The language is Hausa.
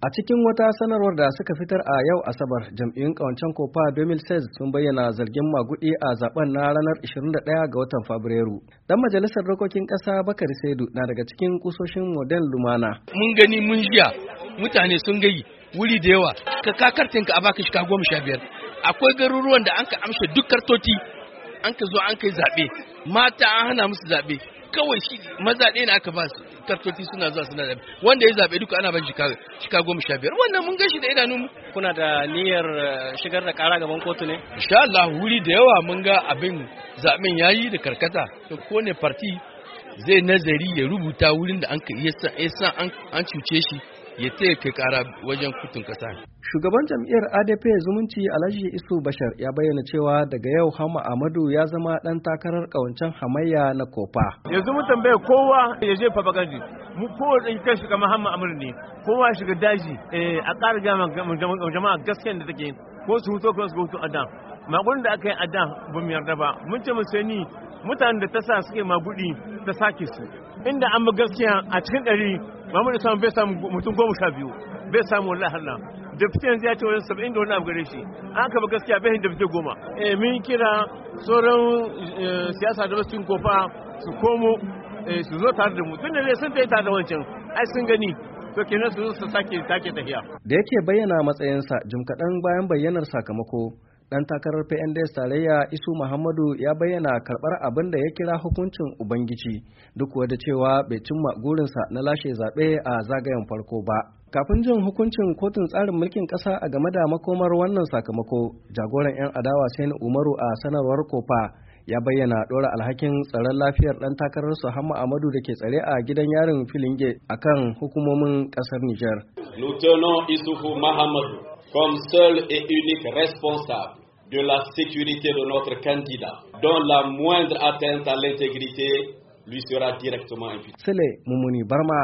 A cikin wata sanarwar da suka fitar a yau Asabar, jam'iyyun kawancen Kofa 2016 sun bayyana zargin magudi a zaben na ranar 21 ga watan Fabrairu. Dan majalisar dokokin ƙasa Bakari Saidu na daga cikin kusoshin model Lumana. Mun gani mun jiya mutane sun gayi wuri da yawa ka kakartinka a baka shi goma sha biyar. Akwai garuruwan da an ka amshe duk kartoti an ka zo an kai zaɓe mata an hana musu zaɓe kawai shi maza ɗaya ne aka ba su kartoti suna zuwa suna zaɓe wanda ya zaɓe duka ana ban shika goma sha biyar wannan mun gashi da idanun kuna da niyyar eh, shigar da kara gaban kotu ne insha Allah wuri da yawa mun ga abin zaɓen yayi da karkata to kone ne zai nazari ya rubuta wurin da an ka iya san an cuce shi ya taya kai kara wajen kutun kasa. Shugaban jam'iyyar ADP zumunci Alhaji Isu Bashar ya bayyana cewa daga yau Hama Amadu ya zama dan takarar kawancen hamayya na Kofa. Yanzu mun tambaye kowa ya je fafagaji. Mu kowa da kai shiga Muhammad Amadu ne. Kowa shiga daji eh, a ƙara jama'a gaskiyar da take ko su huto ko su huto a Magudin da aka yi a da ba mu yarda ba. Mun ce mu sani mutanen da ta sa suke magudi ta sake su. Inda an bi gaskiya a cikin ɗari mamu da samu bai samun mutum goma sha biyu bai samu wallahi Allah dafti yanzu ya ce wani saba'in da wani abu gare shi an ka ba gaskiya bai hin dafti goma eh min kira sauran eh, siyasa da wasu kofa su komo eh, su zo tare da mu tun da sun ta yi tare da wancan ai sun gani to kenan su zo su sake ta tafiya da yake bayyana matsayinsa jim kaɗan bayan bayyanar sakamako ɗan takarar PNDS tarayya Isu Muhammadu ya bayyana karɓar abin da ya kira hukuncin Ubangiji duk da cewa bai cimma gurinsa na lashe zaɓe a zagayen farko ba. Kafin jin hukuncin kotun tsarin mulkin ƙasa a game da makomar wannan sakamako, jagoran 'yan adawa sai na Umaru a sanarwar kofa ya bayyana ɗora alhakin tsaron lafiyar ɗan takarar su Hamma Amadu da ke tsare a gidan yarin Filinge akan hukumomin ƙasar Nijar. Nous tenons Issoufou Mahamadou comme seul et unique responsable de la sécurité de notre candidat, dont la moindre atteinte à l'intégrité lui sera directement imputée. Barma,